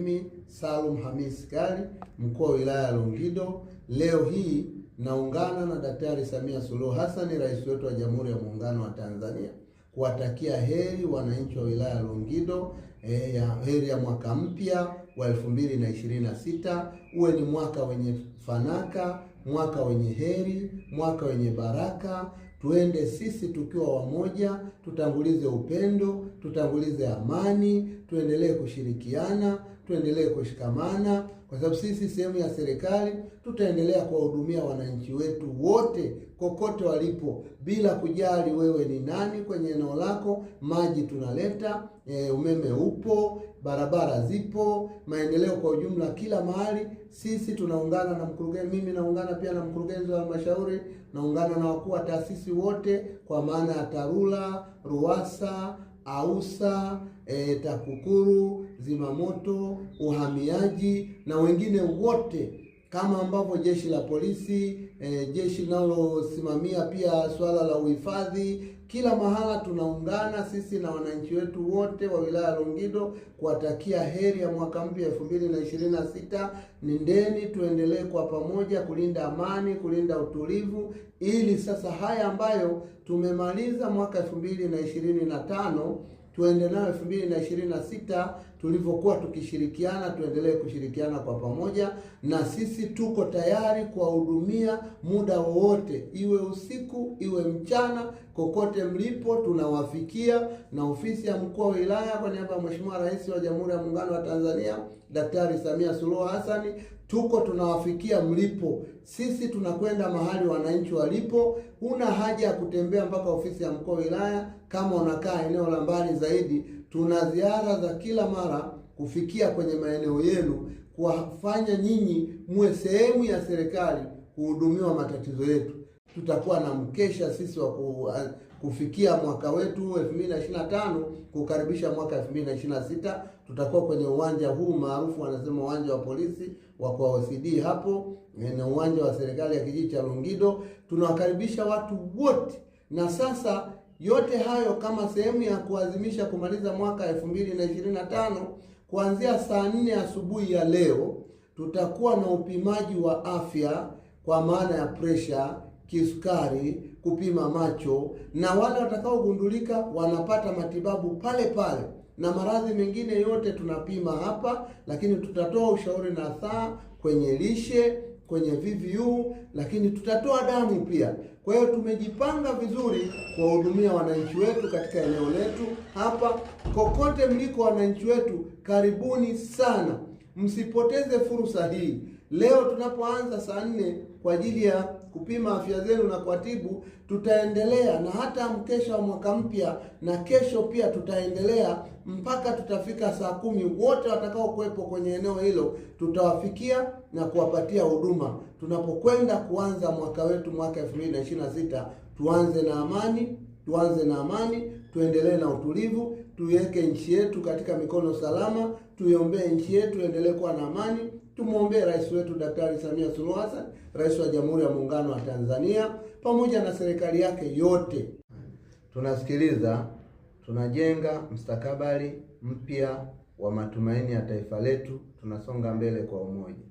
Mimi Salum Hamis Kali, mkuu wa wilaya ya Longido, leo hii naungana na Daktari Samia Suluhu Hassan, rais wetu wa Jamhuri ya Muungano wa Tanzania, kuwatakia heri wananchi wa wilaya ya Longido, eh, heri ya mwaka mpya wa 2026. Uwe ni mwaka wenye fanaka, mwaka wenye heri, mwaka wenye baraka. Tuende sisi tukiwa wamoja, tutangulize upendo, tutangulize amani, tuendelee kushirikiana tuendelee kushikamana, kwa sababu sisi sehemu ya serikali, tutaendelea kuwahudumia wananchi wetu wote kokote walipo, bila kujali wewe ni nani kwenye eneo lako. Maji tunaleta e, umeme upo, barabara zipo, maendeleo kwa ujumla kila mahali. Sisi tunaungana na mkurugenzi, mimi naungana pia na mkurugenzi wa halmashauri, naungana na wakuu wa taasisi wote, kwa maana ya TARURA, RUWASA ausa e, TAKUKURU, zimamoto, uhamiaji na wengine wote kama ambavyo jeshi la polisi e, jeshi linalosimamia pia suala la uhifadhi, kila mahala tunaungana sisi na wananchi wetu wote wa wilaya Longido kuwatakia heri ya mwaka mpya sita. Nendeni tuendelee kwa pamoja kulinda amani, kulinda utulivu, ili sasa haya ambayo tumemaliza mwaka 2025 tuendelee 2026 tulivyokuwa tukishirikiana, tuendelee kushirikiana kwa pamoja, na sisi tuko tayari kuwahudumia muda wowote, iwe usiku iwe mchana, kokote mlipo tunawafikia. Na ofisi ya mkuu wa wilaya kwa niaba ya Mheshimiwa Rais wa Jamhuri ya Muungano wa Tanzania Daktari Samia Suluhu hasani tuko tunawafikia mlipo. Sisi tunakwenda mahali wananchi walipo. Huna haja ya kutembea mpaka ofisi ya mkuu wa wilaya kama unakaa eneo la mbali zaidi tuna ziara za kila mara kufikia kwenye maeneo yenu, kuwafanya nyinyi muwe sehemu ya serikali kuhudumiwa matatizo yetu. Tutakuwa na mkesha sisi wa uh, kufikia mwaka wetu 2025 kukaribisha mwaka 2026. Tutakuwa kwenye uwanja huu maarufu wanasema uwanja wa polisi wa kwa OCD hapo na uwanja wa serikali ya kijiji cha Longido. Tunawakaribisha watu wote, na sasa yote hayo kama sehemu ya kuadhimisha kumaliza mwaka 2025, kuanzia saa nne asubuhi ya leo tutakuwa na upimaji wa afya kwa maana ya presha, kisukari, kupima macho, na wale watakaogundulika wanapata matibabu pale pale, na maradhi mengine yote tunapima hapa, lakini tutatoa ushauri na saa kwenye lishe kwenye VVU, lakini tutatoa damu pia. Kwa hiyo tumejipanga vizuri kuwahudumia wananchi wetu katika eneo letu hapa. Kokote mliko wananchi wetu, karibuni sana, msipoteze fursa hii. Leo tunapoanza saa nne kwa ajili ya kupima afya zenu na kuatibu Tutaendelea na hata mkesha wa mwaka mpya na kesho pia tutaendelea mpaka tutafika saa kumi. Wote watakaokuwepo kwenye eneo hilo tutawafikia na kuwapatia huduma. Tunapokwenda kuanza mwaka wetu, mwaka 2026 tuanze na amani, tuanze na amani, tuendelee na utulivu, tuiweke nchi yetu katika mikono salama, tuiombee nchi yetu, endelee kuwa na amani tumwombee rais wetu Daktari Samia Suluhu Hassan, rais wa Jamhuri ya Muungano wa Tanzania pamoja na serikali yake yote. Tunasikiliza, tunajenga mstakabali mpya wa matumaini ya taifa letu, tunasonga mbele kwa umoja.